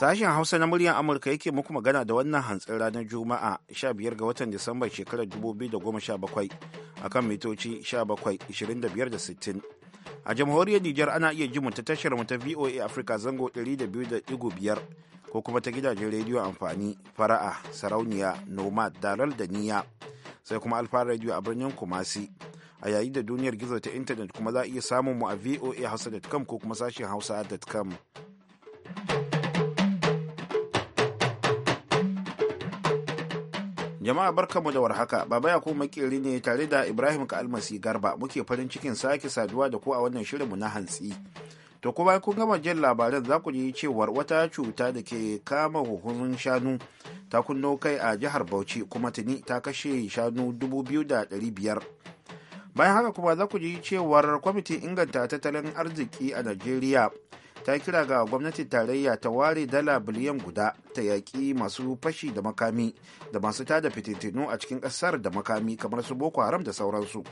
Sashen Hausa na muryar Amurka yake muku magana da wannan hantsin ranar Juma'a 15 ga watan Disamba shekarar 2017 kan mitoci 17, da 60. A jamhuriyar Nijar ana iya ji ta tashar mu ta VOA Africa zango 200.5 ko kuma ta gidajen rediyo amfani fara'a sarauniya nomad dalal da niya sai kuma alfa rediyo a birnin kumasi a yayin da duniyar gizo ta intanet kuma za a iya samun mu a voa hausa.com ko kuma sashen hausa.com Jama'a barkanmu da warhaka, Baba Yakubu Makeri ne tare da Ibrahim ka almasi Garba muke farin cikin sake saduwa da ku a wannan shirinmu na hantsi. To kuma kun gama jin labaran za ku ji cewar wata cuta da ke kama huhun shanu ta kunno kai a jihar Bauchi kuma tuni ta kashe shanu da ɗari biyar Bayan haka kuma za ku ji cewar kwamitin inganta tattalin arziki a Najeriya ta kira ga gwamnatin tarayya ta ware dala biliyan guda ta yaƙi masu fashi da makami da masu tada fitintinu a cikin ƙasar da makami kamar su boko haram da sauransu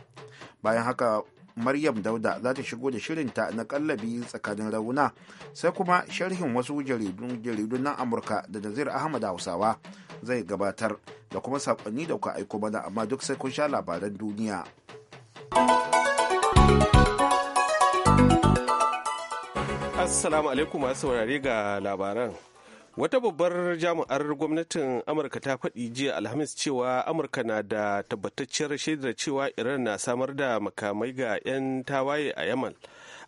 bayan haka maryam dauda za ta shigo da shirinta na kallabi tsakanin rauna sai kuma sharhin wasu jaridun na amurka da nazir ahmad hausawa zai gabatar da kuma saƙonni da kuka aiko mana amma duk sai kun sha labaran duniya. Assalamu alaikum masu saurare ga labaran. Wata babbar jami'ar gwamnatin Amurka ta faɗi jiya Alhamis cewa Amurka na da tabbatacciyar shaidar cewa Iran na samar da makamai ga 'yan tawaye a Yamal.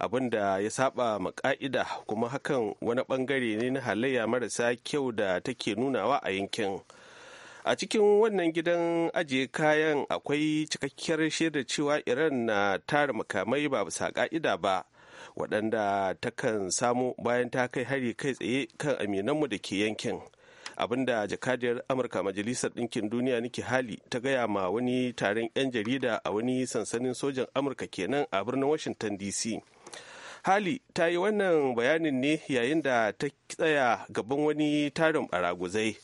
abin da ya saba maka'ida kuma hakan wani bangare ne na halayya marasa kyau da take nunawa a yankin a cikin wannan gidan ajiye kayan akwai cikakkiyar shaidar cewa iran na tara makamai ba bisa ka'ida ba waɗanda takan samu bayan ta kai hari kai tsaye kan aminanmu da ke yankin abinda jakadiyar amurka majalisar ɗinkin duniya niki hali ta gaya ma wani taron 'yan jarida a wani sansanin sojan amurka kenan a birnin washington dc hali ta yi wannan bayanin ne yayin da ta tsaya gaban wani tarin baraguzai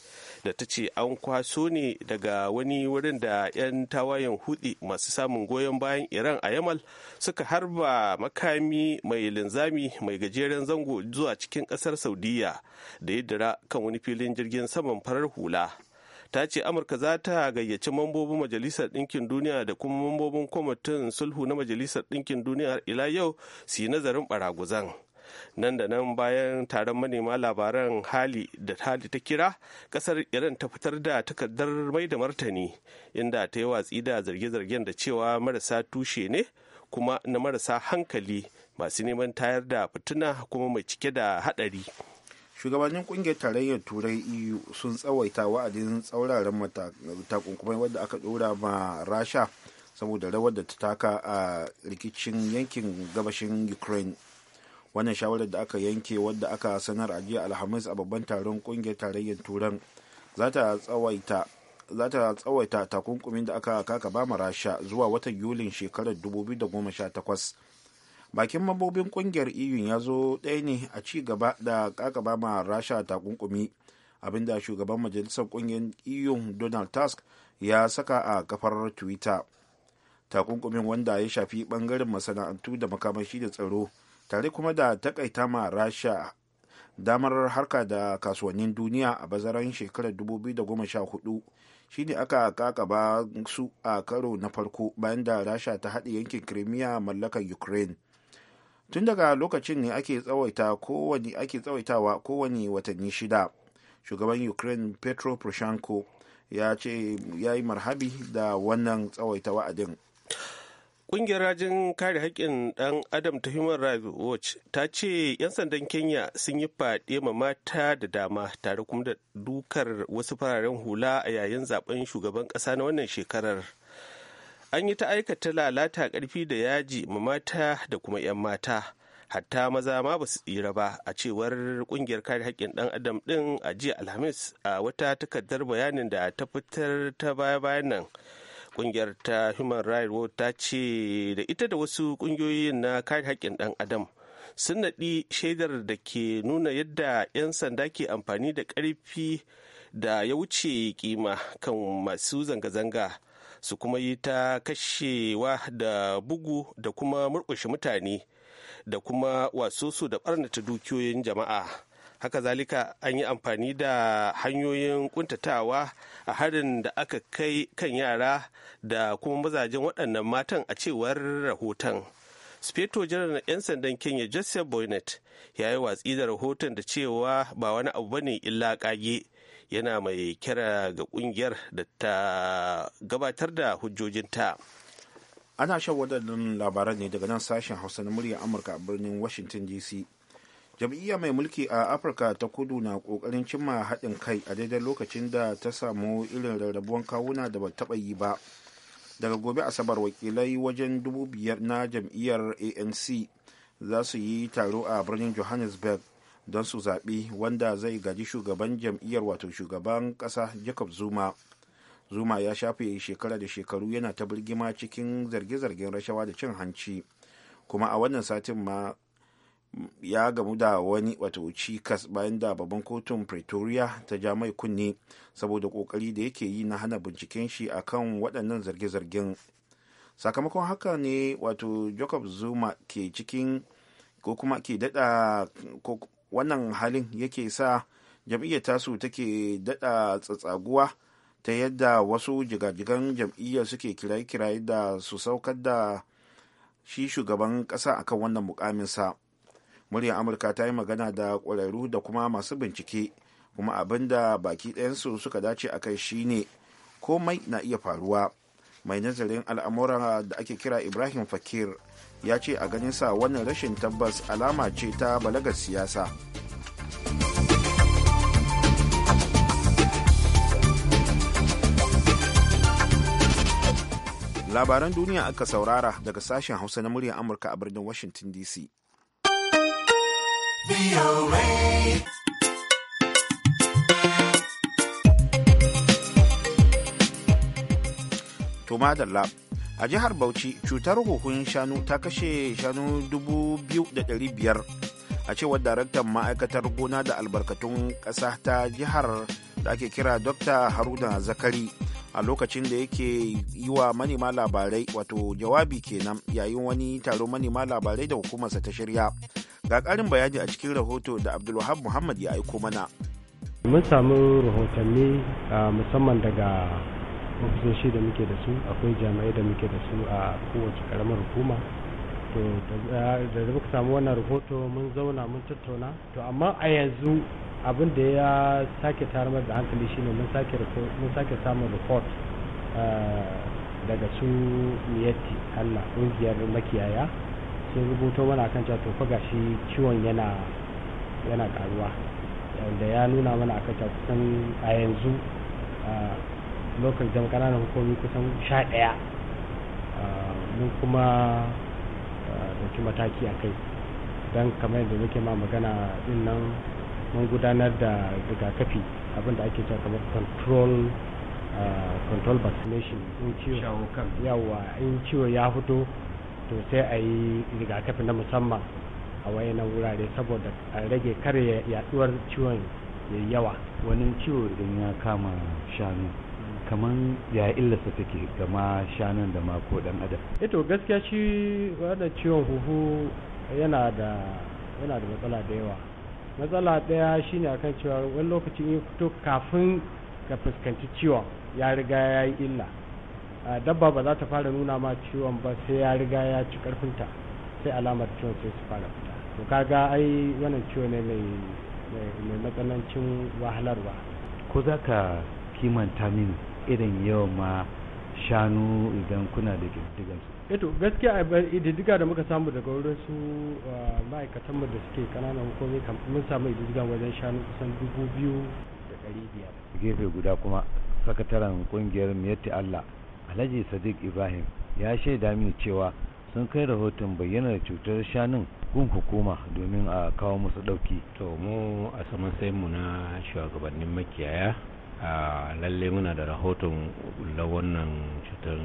da ta ce an kwaso ne daga wani wurin da 'yan tawayen hudi masu samun goyon bayan iran a yamal suka harba makami mai linzami mai gajeren zango zuwa cikin kasar saudiya da ya dira kan wani filin jirgin saman farar hula ta ce amurka za ta gayyaci mambobin majalisar ɗinkin duniya da kuma mambobin kwamitin sulhu na majalisar ɗinkin duniya ila yau su yi nazarin baraguzan nan da nan bayan taron manema labaran hali da hali ta kira kasar iran ta fitar da takardar mai da martani inda ta yi watsi da zarge-zargen da cewa marasa tushe ne kuma na marasa hankali masu neman tayar da fituna kuma mai cike da hadari shugabannin kungiyar tarayyar turai eu sun tsawaita wa'adin tsauraran takunkumai wadda aka dora ma rasha saboda rawar da ta taka a rikicin yankin gabashin ukraine wannan shawarar da aka yanke wadda aka sanar a jiya alhamis a babban taron kungiyar tarayyar turan za ta tsawaita takunkumin da aka kaka bama rasha zuwa watan yulin shekarar 2018 bakin mambobin kungiyar iyun e ya zo ɗaya ne a ci gaba da kaka bama rasha takunkumi abinda shugaban majalisar kungiyar iyun e donald tusk ya saka a kafar twitter takunkumin wanda ya shafi bangaren masana'antu da makamashi da tsaro tare kuma da takaita ma rasha damar harka da kasuwannin duniya a bazaran shekarar 2014 shine aka kakaba su a karo na farko bayan da rasha ta haɗe yankin kirimiya mallakar ukraine tun daga lokacin ne ake ake tsawaitawa kowane watanni shida shugaban ukraine petro poroshenko ya ce ya yi marhabi da wannan tsawaita wa'adin Ƙungiyar rajin kare haƙƙin ɗan adam ta Human Rights Watch ta ce 'yan sandan Kenya sun yi faɗe ma mata da dama tare kuma da dukar wasu fararen hula a yayin zaben shugaban ƙasa na wannan shekarar. An yi ta aikata lalata ƙarfi da yaji ma mata da kuma 'yan mata. Hatta maza ma ba su tsira ba a cewar ƙungiyar kare haƙƙin ɗan adam ɗin a jiya Alhamis a wata takardar bayanin da ta fitar ta baya-bayan nan. kungiyar ta human rights watch ta ce da ita da wasu kungiyoyi na kare haƙƙin ɗan adam sun naɗi shaidar da ke nuna yadda 'yan sanda ke amfani da ƙarfi da ya wuce kima kan masu zanga-zanga su kuma yi ta kashewa da bugu da kuma murƙushe mutane da kuma wasu su da ɓarnata dukiyoyin jama'a haka zalika an yi amfani da hanyoyin kuntatawa a harin da aka kai kan yara da kuma mazajen waɗannan matan a cewar rahoton speto na 'yan sandan kenya joseph boynet ya yi watsi da rahoton da cewa ba wani abu bane illa kage yana mai kira ga kungiyar da ta gabatar da hujjojinta ana shan waɗannan labaran ne daga nan sashen hausa na murya amurka a birnin washington dc jam'iyya mai mulki a afirka ta kudu na kokarin cimma haɗin kai a daidai lokacin da ta samu irin rarrabuwan kawuna da ba taɓa yi ba daga gobe asabar wakilai wajen dubu biyar na jam'iyyar anc za su yi taro a birnin johannesburg don su zaɓi wanda zai gaji shugaban jam'iyyar wato shugaban ƙasa jacob zuma zuma ya shafe shekara da shekaru yana ta birgima cikin zarge-zargen rashawa da cin hanci kuma a wannan satin ma ya gamu da wani wato cikas bayan da babban kotun pretoria ta ja mai kunne saboda kokari da yake yi na hana binciken shi a kan waɗannan zarge-zargen sakamakon haka ne wato jacob zuma ke cikin ko kuma ke dada wannan halin yake sa jam'iyyar tasu take dada tsatsaguwa ta yadda wasu jigajigan jam'iyyar suke kiraye-kiraye da su saukar da shi shugaban ƙasa akan wannan mukaminsa muryar amurka ta yi magana da ƙwararru da kuma masu bincike kuma abin da baki ɗayansu suka dace a kai ne komai na iya faruwa mai nazarin al'amura da ake kira ibrahim fakir ya ce a ganin sa wannan rashin tabbas alama ce ta balagar siyasa labaran duniya aka saurara daga sashen hausa na muryar amurka a birnin washington dc Tuma lab a jihar Bauchi cutar huhun shanu ta kashe shanu 2,500 a cewar daraktan ma'aikatar gona da albarkatun ƙasa ta jihar da ake kira Dr. Haruna Zakari a lokacin da yake yi wa manema labarai wato jawabi kenan yayin wani taron manema labarai da hukumarsa ta shirya ga ƙarin bayani a cikin rahoto da abdulwahab muhammad ya aiko mana mun samu rahotanni musamman daga ofisoshi da muke da su akwai jami'ai da muke da su a kowace karamar hukuma to da muka samu wannan rahoto mun zauna mun tattauna to amma a yanzu abin da ya sake tarmar da hankali shine mun sake samun report eh, daga su miyatti allah ƙungiyar makiyaya sun rubuto mana kan cewa to gashi ciwon yana karuwa da ya nuna mana a cewa kusan a yanzu eh, lokacin da ƙananan hukumi kusan sha ɗaya eh, mun kuma ɗauki mataki a kai don kamar yadda muke ma magana din nan mun gudanar da rigakafi abinda ake cewa kamar control ah, control vaccination in ciwo yawa in ciwo ya fito to sai a yi rigakafi na musamman a wayanan wurare saboda a rage kare yaduwar ciwon ya yawa wani ciwo idan ya kama shanu kamar ya illarsa take gama shanun da mako dan adam eto eh gaskiya shi wannan ciwon huhu yana da yana da matsala da yawa matsala ɗaya shine akan cewa wani lokaci in fito kafin ka fuskanci ciwon ya riga ya yi illa dabba ba za ta fara nuna ma ciwon ba sai ya riga ya ci karfinta sai alamar ciwon sai su fara fita to ga ai wannan ciwo ne mai mai matsanancin wahalarwa ko za ka kimanta min irin yawan ma shanu idan kuna da girgizar eto eh gaskiya a ididdiga da muka samu daga wurin su ma'aikatanmu da suke kananan hukumomi mun samu ididdiga wajen shanu kusan dubu biyu da ɗari biyar gefe guda kuma sakataren kungiyar miyatti allah alhaji sadiq ibrahim ya shaida mini cewa sun kai rahoton bayyanar cutar shanun gun hukuma domin a kawo musu ɗauki to mu a saman mu na shugabannin makiyaya a lallai muna da rahoton la wannan cutar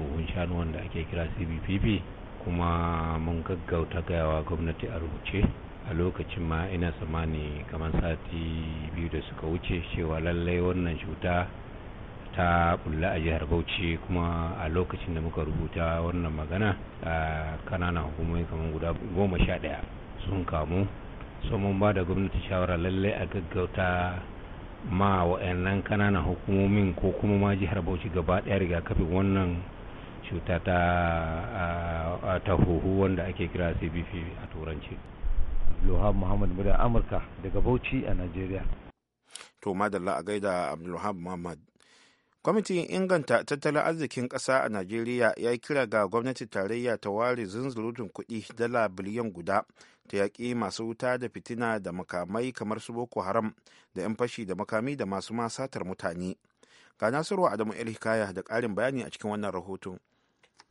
huhun shanu wanda ake kira cbpp kuma mun gaggauta gayawa gwamnati a rubuce a lokacin ma ina tsammani kamar sati biyu da suka wuce cewa lallai wannan cuta ta bulla a jihar bauchi kuma a lokacin da muka rubuta wannan magana a kananan hukumomi kamar guda goma sha ɗaya sun kamu so mun ba da gwamnati shawara lallai a gaggauta ma wa'annan kananan hukumomin ko kuma ma jihar bauchi gaba daya rigakafin wannan cuta ta ta huhu wanda ake kira cbp a turanci abdulwahab muhammad muda amurka daga bauchi a nigeria to madalla a gaida abdulwahab muhammad kwamitin inganta tattalin arzikin ƙasa a najeriya ya kira ga gwamnati tarayya ta ware zunzurutun kuɗi dala biliyan guda ta yaƙi masu wuta da fitina da makamai kamar su boko haram da 'yan fashi da makami da masu masatar mutane ga nasiru adamu el hikaya da ƙarin bayani a cikin wannan rahoton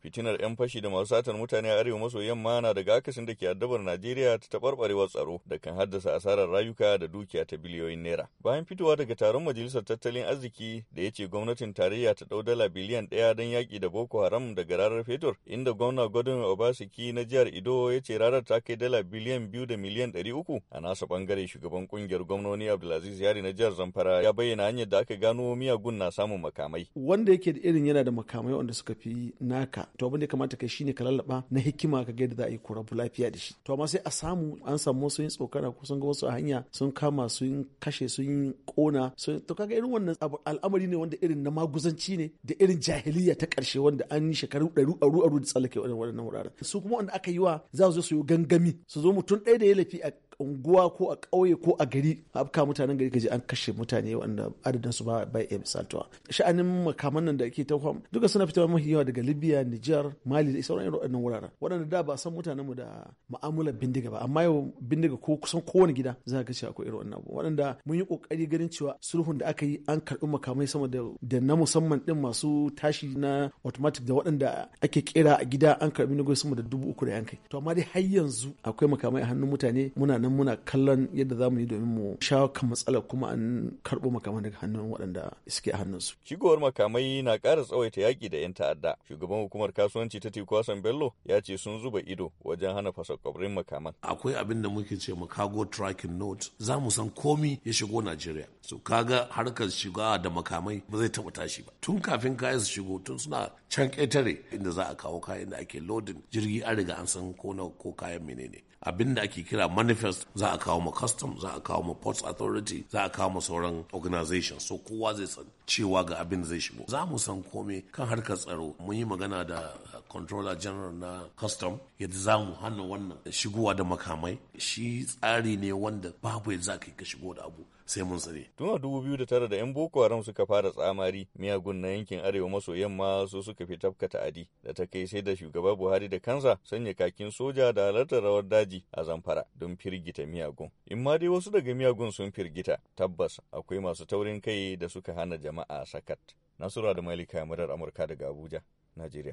fitinar 'yan fashi da masu satar mutane a arewa maso yamma na daga akasin da ke addabar najeriya ta taɓarɓarewar tsaro da kan haddasa asarar rayuka da dukiya ta biliyoyin naira bayan fitowa daga taron majalisar tattalin arziki da ya ce gwamnatin tarayya ta ɗau dala biliyan ɗaya don yaƙi da boko haram daga ranar fetur inda gwamna godwin obasiki na jihar ido ya ce ranar ta kai dala biliyan biyu da miliyan ɗari uku a nasa ɓangare shugaban ƙungiyar gwamnoni abdulaziz yari na jihar zamfara ya bayyana hanyar da aka gano miyagun na samun makamai wanda yake da irin yana da makamai wanda suka fi naka to abin da ya kamata kai shine ka lallaba na hikima ka ga yadda za a yi ko rabu lafiya da shi to amma sai a samu an samu wasu yin tsokana ko sun ga wasu a hanya sun kama sun kashe sun kona to kaga irin wannan al'amari ne wanda irin na maguzanci ne da irin jahiliya ta karshe wanda an yi shekaru ɗaru aru aru da tsallake waɗannan wuraren su kuma wanda aka yi wa za su zo su yi gangami su zo mutum ɗaya da ya lafi a unguwa ko a ƙauye ko a gari afka mutanen gari ka je an kashe mutane wanda adadin su ba bai iya misaltuwa sha'anin makaman nan da ake ta kwam duka suna fitowa mafi yawa daga libya niger mali da sauran irin wannan wuraren waɗanda da ba san mutanen mu da mu'amalar bindiga ba amma yau bindiga ko kusan kowane gida za ka akwai irin wannan abu waɗanda mun yi ƙoƙari ganin cewa sulhun da aka yi an karɓi makamai sama da na musamman din masu tashi na automatic da waɗanda ake kera a gida an karɓi na sama da dubu uku da yankai to amma dai har yanzu akwai makamai a hannun mutane muna nan nan muna kallon yadda za mu yi domin mu shawo kan matsalar kuma an karɓo makamai daga hannun waɗanda suke a hannunsu. Shigowar makamai na ƙara tsawaita yaƙi da 'yan ta'adda. Shugaban hukumar kasuwanci ta tikwasan Bello ya ce sun zuba ido wajen hana fasakwabrin makaman. Akwai abin da muke ce mu cargo tracking note za mu san komi ya shigo Najeriya. So kaga harkar shiga da makamai ba zai taɓa tashi ba. Tun kafin kayan su shigo tun suna can ƙetare inda za a kawo kayan da ake lodin jirgi an riga an san ko ko kayan menene. abin da ake kira manifest za a kawo ma custom za a kawo ma ports authority za a kawo ma sauran organization so kowa zai san cewa ga abin zai shigo za mu san kome kan harkar tsaro mun yi magana da controller general na custom yadda za mu hana wannan shigowa da makamai shi tsari ne wanda babu yadda za ka shigo da abu sai mun tsare. Tun a dubu biyu da tara da 'yan Boko Haram suka fara tsamari miyagun na yankin arewa maso yamma su suka fi tafka adi da ta kai sai da shugaba Buhari da kansa sanya kakin soja da halartar rawar daji a zamfara don firgita miyagun. In ma dai wasu daga miyagun sun firgita tabbas akwai masu taurin kai da suka hana jama'a sakat. Nasura da Malika Murar Amurka daga Abuja, Najeriya.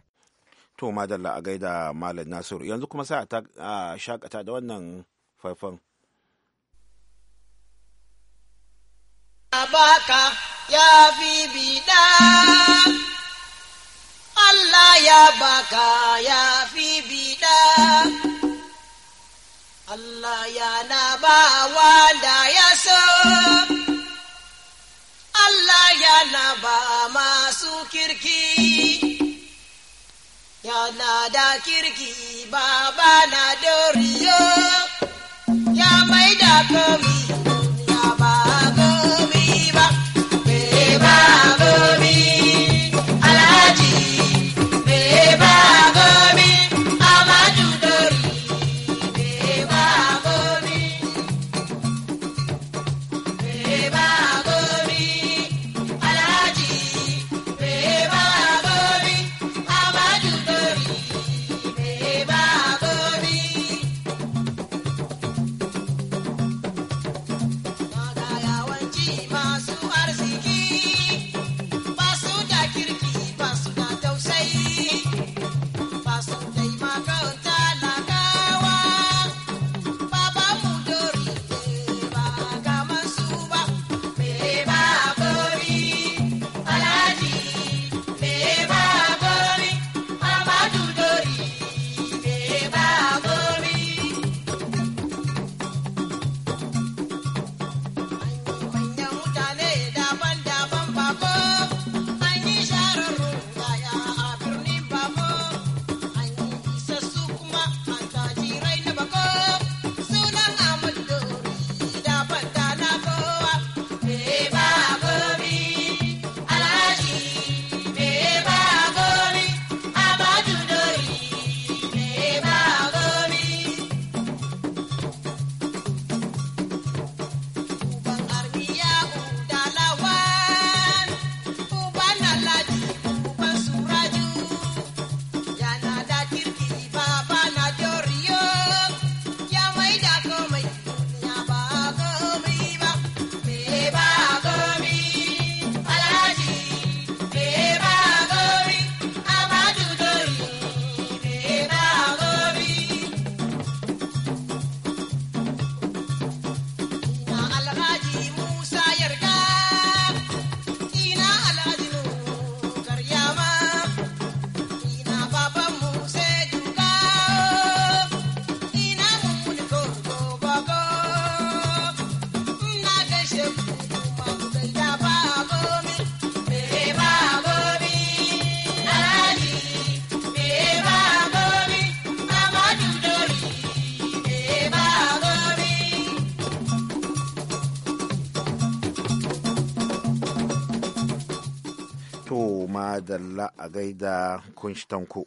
To madalla a gaida Malam Nasiru yanzu kuma sai a shakata da wannan faifan. baka ya fi bida Allah ya baka ya fi bida Allah na ba wanda ya so Allah na ba masu kirki na da kirki baba na doriyo ya mai da komi madalla a gaida kunshitanko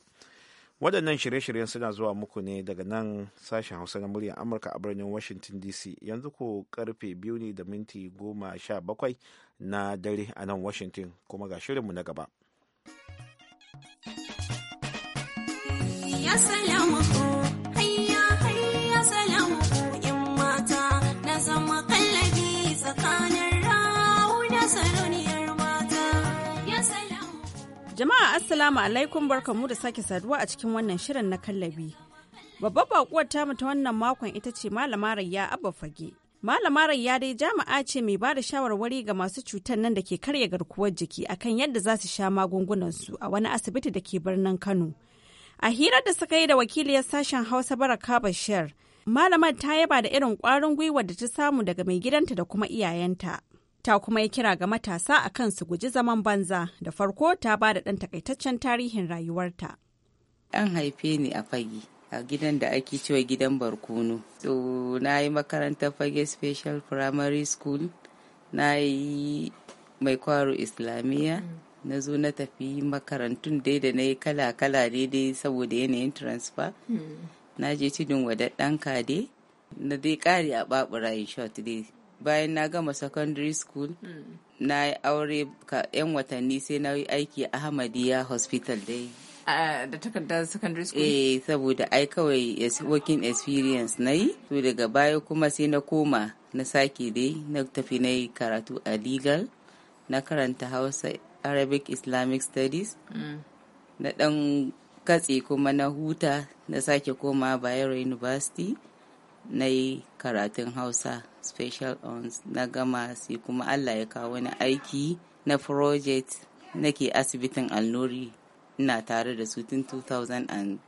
waɗannan shirye-shiryen suna zuwa muku ne daga nan sashen hausa na muryar amurka a birnin washington dc yanzu ko karfe biyu ne da minti goma sha bakwai na dare a nan washington kuma ga shirinmu na gaba ya Jama'a Assalamu alaikum barkamu da sake saduwa a cikin wannan shirin na kallabi. Babbar bakuwar tamu ta wannan makon ita ce Malama Rayya Abba Fage. Malama Rayya dai jama'a ce mai ba da shawarwari ga masu cutar nan da ke karya garkuwar jiki akan yadda za su sha magungunansu a wani asibiti da ke birnin Kano. A hirar da suka yi da wakiliyar sashen Hausa Baraka Bashir, malamar ta yaba da irin ƙwarin gwiwar da ta samu daga mai gidanta da kuma iyayenta. ta kuma yi kira ga matasa a kan su guji zaman banza da farko ta ba da ɗan takaitaccen tarihin rayuwarta. An haife ni a fage a gidan da ake cewa gidan barkono. so na yi makarantar fage special primary school, na yi mai kwaro islamiyya, na zo na tafi makarantun dai da na yi kala-kala daidai saboda yanayin transfer. Hmm. Na je tudun wadaddan kade, na dai kari a babu rayu short dai bayan na gama secondary school na yi aure yan watanni sai na yi aiki a hamadiya hospital dai da takardar secondary school? Eh, saboda ai kawai working experience na yi. To daga baya kuma sai na koma na sake dai na tafi na yi karatu a legal na karanta Hausa Arabic Islamic Studies. Mm. Na dan katse kuma na huta na sake koma Bayero University na yi karatun Hausa. special ons na gama sai kuma allah ya kawo wani aiki na project nake asibitin alnuri ina tare da su tun 2006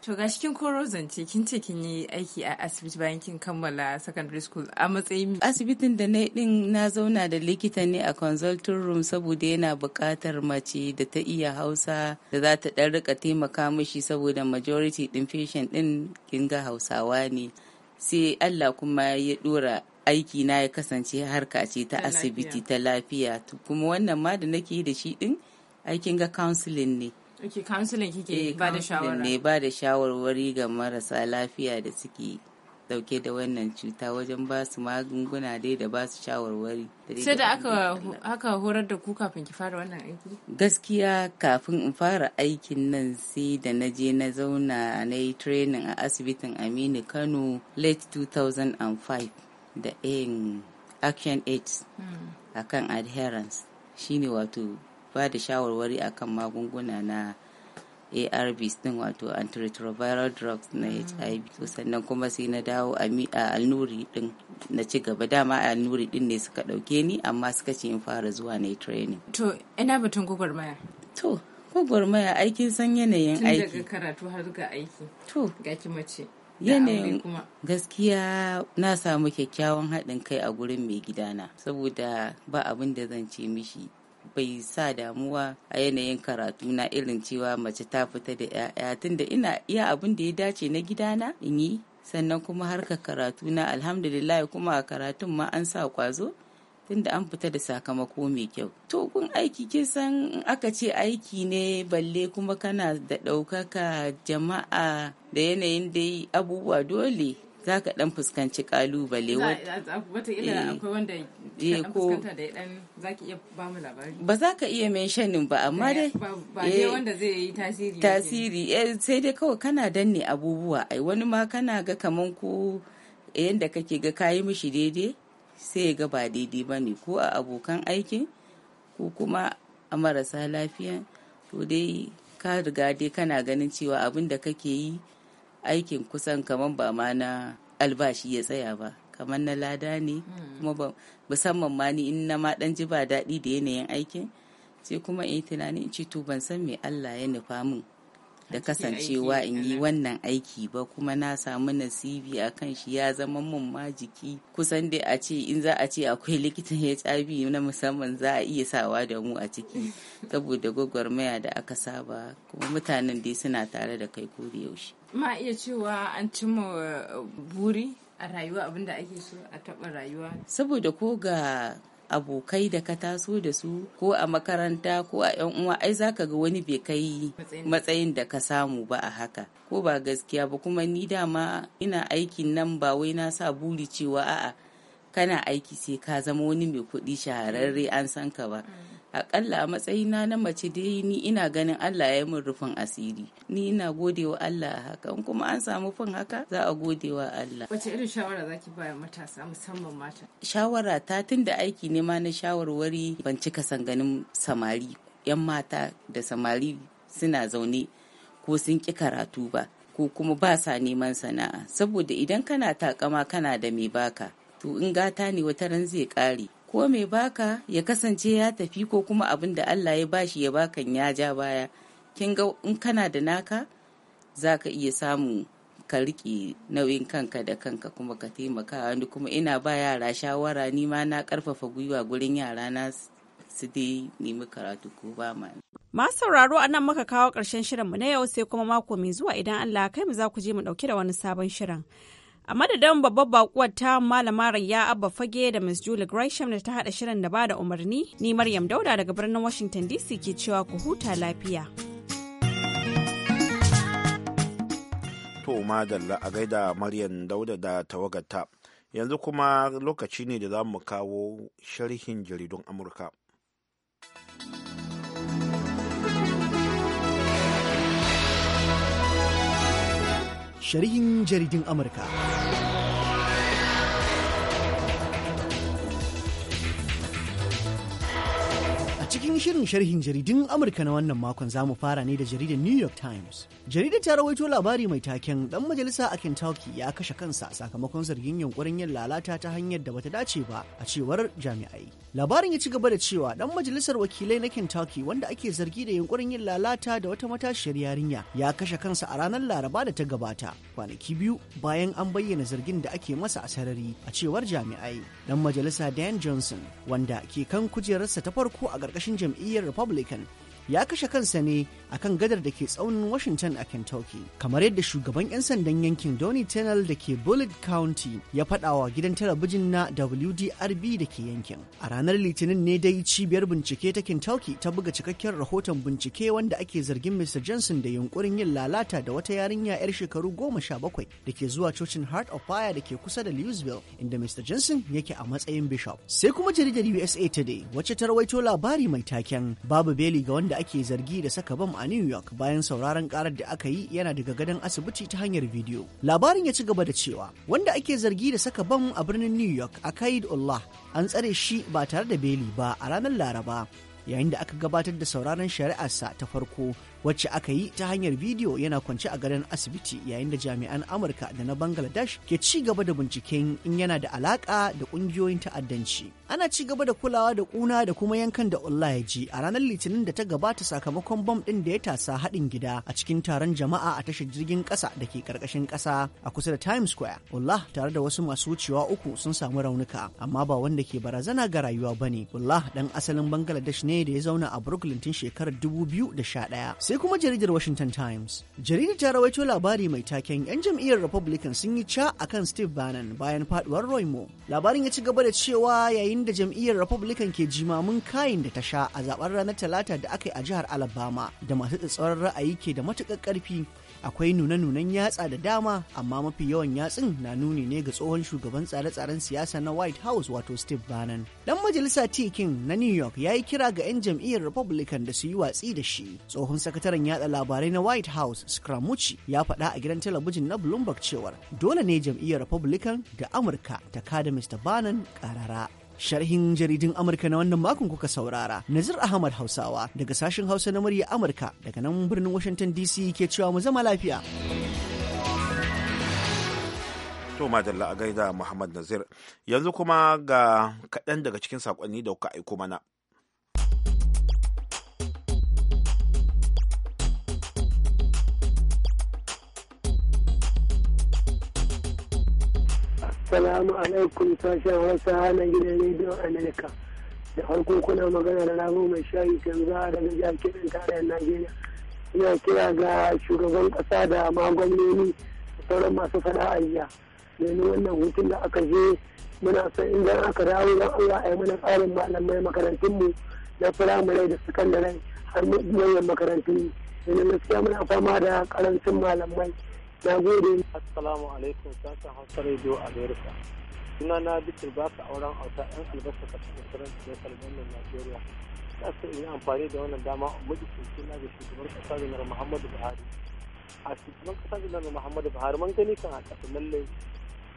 to ga cikin koro zance kin ce kin yi aiki a asibiti bayan kin kammala secondary school a matsayin asibitin da na din na zauna da likita ne a consulting room saboda yana buƙatar mace da ta iya hausa da za ta ɗan rika taimaka mishi saboda majority din patient din kin ga hausawa ne sai Allah kuma ya dora aiki na ya kasance harka ce ta asibiti ta lafiya kuma wannan ma da nake da shi din aikin ga counseling ne okay counseling kike eh, ba da shawara ne ba da shawarwari ga marasa lafiya da suke dauke da wannan cuta wajen ba su magunguna dai da ba su shawarwari. Sai da aka horar da ku kafin ki fara wannan aiki? Gaskiya kafin in fara aikin nan sai da na je na zauna na yi training a asibitin Aminu Kano late 2005 da in Action AIDS hmm. akan adherence shine wato ba da shawarwari akan magunguna na ARVs din wato antiretroviral drugs na HIV to sannan kuma sai na dawo a alnuri din na ci gaba dama a alnuri din ne suka dauke ni amma suka ce in fara zuwa na training to ina batun gwagwarmaya to gwagwarmaya aikin san yanayin aiki tun daga karatu har ga aiki to ga ki mace yanayin gaskiya na samu kyakkyawan haɗin kai a gurin mai gidana saboda ba abin da zan ce mishi bai sa damuwa a yanayin karatu na irin cewa mace ta fita da 'ya'ya tunda ina iya abin da ya dace na gidana in yi sannan kuma harkar karatu na alhamdulillah kuma a karatun ma an sa kwazo tunda an fita da sakamako mai kyau to kun aiki kin san aka ce aiki ne balle kuma kana da ɗaukaka jama'a da yanayin dai abubuwa dole za ka dan fuskanci kalubale wataƙila eh, akwai wanda eh, ba za ka iya mentionin ba amma eh, dai ba dai wanda zai yi tasiri sai dai kawai kana danne abubuwa ai wani ma kana ga kaman ko yanda kake ga kayi mishi daidai sai ga ba daidai ba ne ko a abokan aikin ko kuma a marasa lafiya to dai ka riga dai kana ganin cewa abin da kake yi aikin kusan kamar ba ma na albashi ya tsaya ba kamar na lada ne hmm. kuma ba musamman ma ni in na ma dan ji ba daɗi da yanayin aikin sai kuma in yi tunani in ce to ban san me Allah ya nufa min da kasancewa in yi wannan aiki ba kuma na samu nasibi a kan shi ya zama mun ma jiki kusan dai a ce in za a ce akwai likitan HIV na musamman za a iya sawa da mu a ciki saboda gwagwarmaya da aka saba kuma mutanen dai suna tare da kai ko da yaushe ma iya cewa an cimma uh, buri a rayuwa abinda ake so a taɓa rayuwa saboda ko ga abokai da ka taso da su ko a makaranta ko a yan uwa ai zaka ga wani bai kai matsayin da ka samu ba a haka ko ba gaskiya ba kuma ni dama ina aikin nan ba wai na sa buri cewa a'a kana aiki sai ka zama wani mai kuɗi shahararre mm. an san ka ba mm. Aƙalla, a matsayina na mace dai ni ina ganin Allah ya yi min rufin asiri ni ina gode wa Allah a haka in kuma an samu fin haka za a gode wa Allah wace irin shawara za ki ba matasa musamman mata shawara ta tunda aiki ne ma na shawarwari ban cika san ganin samari yan mata da samari suna zaune ko sun ki karatu ba ko kuma ba sa neman sana'a saboda idan kana takama kana da mai baka to in gata ne wata ran zai kare ko mai baka ya kasance ya tafi ko kuma abin da Allah ya bashi ya baka ya ja baya kin ga in kana da naka za ka iya samu ka riƙe nauyin kanka da kanka kuma ka taimaka wani kuma ina ba yara shawara ni ma na karfafa gwiwa gurin yara na su dai nemi karatu ko ba ma. Ma sauraro a nan muka kawo ƙarshen mu na yau sai kuma mako mai zuwa idan Allah kai mu za ku je mu ɗauki da wani sabon shirin. A madadin babbar bakuwar ta malama Rayya Abba Fage da Miss Julie Gresham da ta haɗa shirin da bada umarni, ni Maryam Dauda daga birnin Washington DC ke cewa ku huta lafiya. To madalla a gaida Maryam Dauda da tawagarta. Yanzu kuma lokaci ne da za mu kawo sharhin jaridun Amurka. sharhin jaridin Amurka. cikin shirin sharhin jaridun Amurka na wannan makon za mu fara ne da jaridar New York Times. Jaridar ta rawaito labari mai taken dan majalisa a Kentucky ya kashe kansa sakamakon zargin yunkurin yin lalata ta hanyar da bata dace ba a cewar jami'ai. Labarin ya ci gaba da cewa dan majalisar wakilai na Kentucky wanda ake zargi da yunkurin yin lalata da wata matashiyar yarinya ya kashe kansa a ranar Laraba da ta gabata kwanaki biyu bayan an bayyana zargin da ake masa a sarari a cewar jami'ai. Dan majalisa Dan Johnson wanda ke kan kujerarsa ta farko a ƙarƙashin ƙarƙashin jam'iyyar republican ya kashe kansa ne a kan gadar da ke tsaunin Washington a Kentucky. Kamar yadda shugaban 'yan sandan yankin Donny Tennell da ke Bullitt County ya faɗawa gidan talabijin na WDRB da ke yankin. A ranar Litinin ne dai cibiyar bincike ta Kentucky ta buga cikakken rahoton bincike wanda ake zargin Mr. Johnson da yunkurin yin lalata da wata yarinya 'yar shekaru goma sha bakwai da ke zuwa cocin Heart of Fire da ke kusa da Louisville inda Mr. Johnson yake a matsayin bishop. Sai kuma jaridar USA Today wacce ta rawaito labari mai taken babu beli ga wanda da ake zargi da saka bam a New York bayan sauraron karar da aka yi yana daga gadon asibiti ta hanyar bidiyo. Labarin ya ci gaba da cewa wanda ake zargi da saka bam a birnin New York a Kaid Allah an tsare shi ba tare da beli ba a ranar Laraba yayin da aka gabatar da sauraron shari'arsa ta farko wacce aka yi ta hanyar bidiyo yana kwance a garin asibiti yayin da jami'an amurka da na bangladesh ke ci gaba da binciken in yana da alaka da kungiyoyin ta'addanci ana ci gaba da kulawa da kuna da kuma yankan da Allah ya ji a ranar litinin da ta gabata sakamakon bom din da ya tasa haɗin gida a cikin taron jama'a a tashar jirgin ƙasa da ke ƙarƙashin ƙasa a kusa da times square wallah tare da wasu masu wucewa uku sun samu raunuka amma ba wanda ke barazana ga rayuwa ba ne, wallah dan asalin bangladesh ne da ya zauna a brooklyn tun shekarar dubu biyu 2011 sai kuma jaridar Washington Times. Jaridar ta rawaito labari mai taken 'yan jam'iyyar Republican sun yi ca a kan Steve Bannon bayan faduwar Roy Moore. Labarin ya ci gaba da cewa yayin da jam'iyyar Republican ke jimamin kayan da ta sha a zaben ranar Talata da aka yi a jihar Alabama da masu tsatsauran ra'ayi ke da matuƙar ƙarfi akwai nune nunan yatsa da dama amma mafi yawan yatsun na nuni ne ga tsohon shugaban tsare-tsaren siyasa na white house wato steve bannon dan majalisa tikin na new york ya yi kira ga 'yan jam'iyyar republican da su yi watsi da shi tsohon sakataren yatsa labarai na white house scaramucci ya faɗa a gidan talabijin na bloomberg cewar dole ne jam'iyyar republican da amurka ta kada mr bannon ƙarara. Sharhin jaridun Amurka na wannan makon kuka saurara, Nazir Ahmad Hausawa daga sashen Hausa na murya Amurka daga nan birnin Washington DC ke cewa mu zama lafiya. To madalla a gaida Muhammad Nazir, yanzu kuma ga kaɗan daga cikin saƙonni da kuka aiko mana. Assalamu alaikum sashen Hausa na gidan rediyon Amerika. Da farko kuna magana da rabu mai shayi canza daga jakirin tarayyar Najeriya. Ina kira ga shugaban ƙasa da magon gwamnoni da sauran masu sana'a jiya. Yanzu wannan hutun da aka je muna son idan aka dawo don Allah a yi mana tsarin malamai makarantunmu na firamare da sakandare har manyan makarantu. Yanzu gaskiya muna fama da karancin malamai. Na gode. Assalamu alaikum sashen Hausa Radio America. Suna na Bikir Baka auren auta 'yan albasa ka cikin kiran na Salmanin Najeriya. Na so in yi amfani da wannan dama a muji na ga shugaban kasa Janar Muhammadu Buhari. A shugaban kasa Janar Muhammadu Buhari man gani kan a ƙasa lallai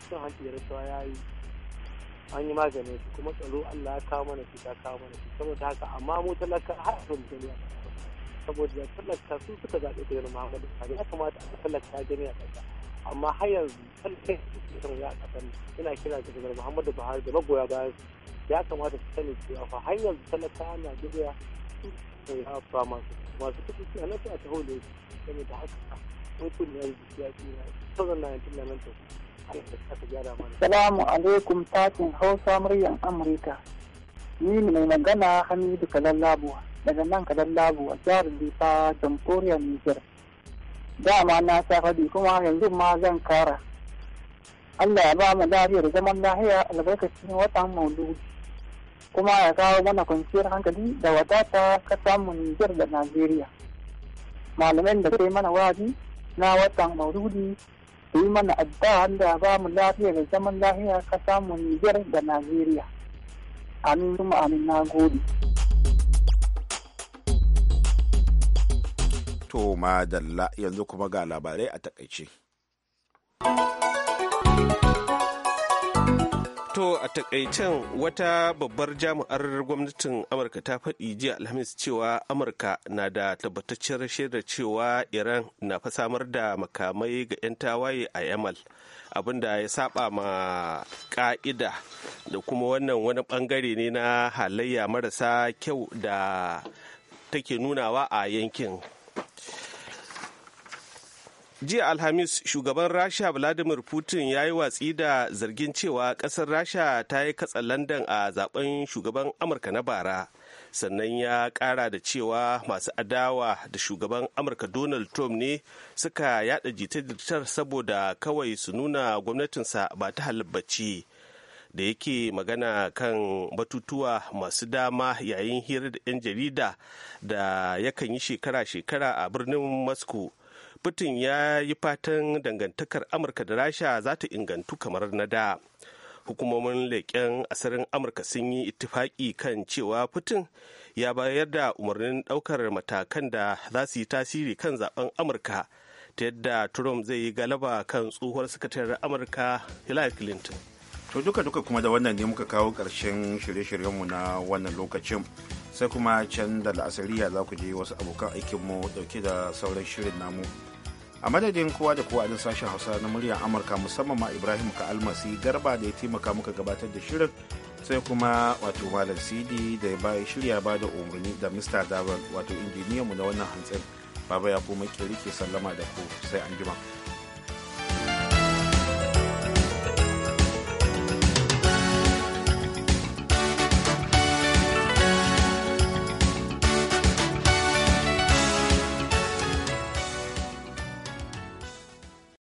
sun hanci da rasuwa ya yi an yi maganin su kuma tsaro Allah ya kawo mana shi ta kawo mana shi saboda haka amma mu talaka har sun duniya. saboda talaka sun suka zaɓe da yana muhammadu sani ya kamata a talaka gani a ƙasa amma har yanzu talaka sun ya ƙasar ina kira ga janar muhammadu buhari da magoya bayan ya kamata su sani cewa fa har yanzu talaka na dubiya sun ya fa masu masu kuɗi suna nan suna ta hole saboda haka sun kuɗi yanzu ya tsira sauran na yankin nan ta Salamu alaikum fatin Hausa muryan Amurka. ni mai magana hamidu kalallabu daga nan kalallabu a jihar lifa jamhuriya niger dama na sha faɗi kuma yanzu ma zan kara allah ya ba mu lafiyar zaman lahiya albarkacin watan mauludi kuma ya kawo mana kwanciyar hankali da wadata ka samu niger da najeriya malamin da sai mana wa'azi na watan mauludi su yi mana addu'a da ba mu lafiyar da zaman lahiya ka samu niger da najeriya amin kuma amin na gode to madalla yanzu kuma ga labarai a takaice To a takaicen wata babbar jami'ar gwamnatin Amurka ta faɗi jiya Alhamis cewa Amurka na da tabbatacciyar shaidar cewa Iran na fa samar da makamai ga 'yan tawaye a Yamal. abinda ya saba ma ka'ida da kuma wannan wani bangare ne na halayya marasa kyau da take nunawa a yankin jiya alhamis shugaban rasha vladimir putin ya yi watsi da zargin cewa kasar rasha ta yi katsa landan a zaben shugaban amurka na bara sannan ya kara da cewa masu adawa da shugaban amurka donald trump ne suka yada jita-jitar saboda kawai su nuna gwamnatinsa ba ta halibbaci da yake magana kan batutuwa masu dama yayin hira da 'yan jarida da yakan yi shekara-shekara a birnin moscow putin ya yi fatan dangantakar amurka da rasha za ta ingantu kamar na da hukumomin leƙen asirin amurka sun yi ittifaki kan cewa putin ya bayar da umarnin ɗaukar matakan da za su yi tasiri kan zaben amurka ta yadda trump zai yi galaba kan tsohuwar sakataren amurka hillary clinton to duka duka kuma da wannan ne muka kawo ƙarshen shirye-shiryenmu na wannan lokacin sai kuma can da la'asariya za ku je wasu abokan aikinmu dauke da sauran shirin namu a madadin kowa da kowa din sashen hausa na murya amurka musamman ma ibrahim ka almasi garba da ya taimaka muka gabatar da shirin sai kuma wato malam cd da ya bayi shirya ba da umarni da mista dawal wato injiniyanmu na wannan hantsin baba ya kuma ke sallama da ku sai an jima.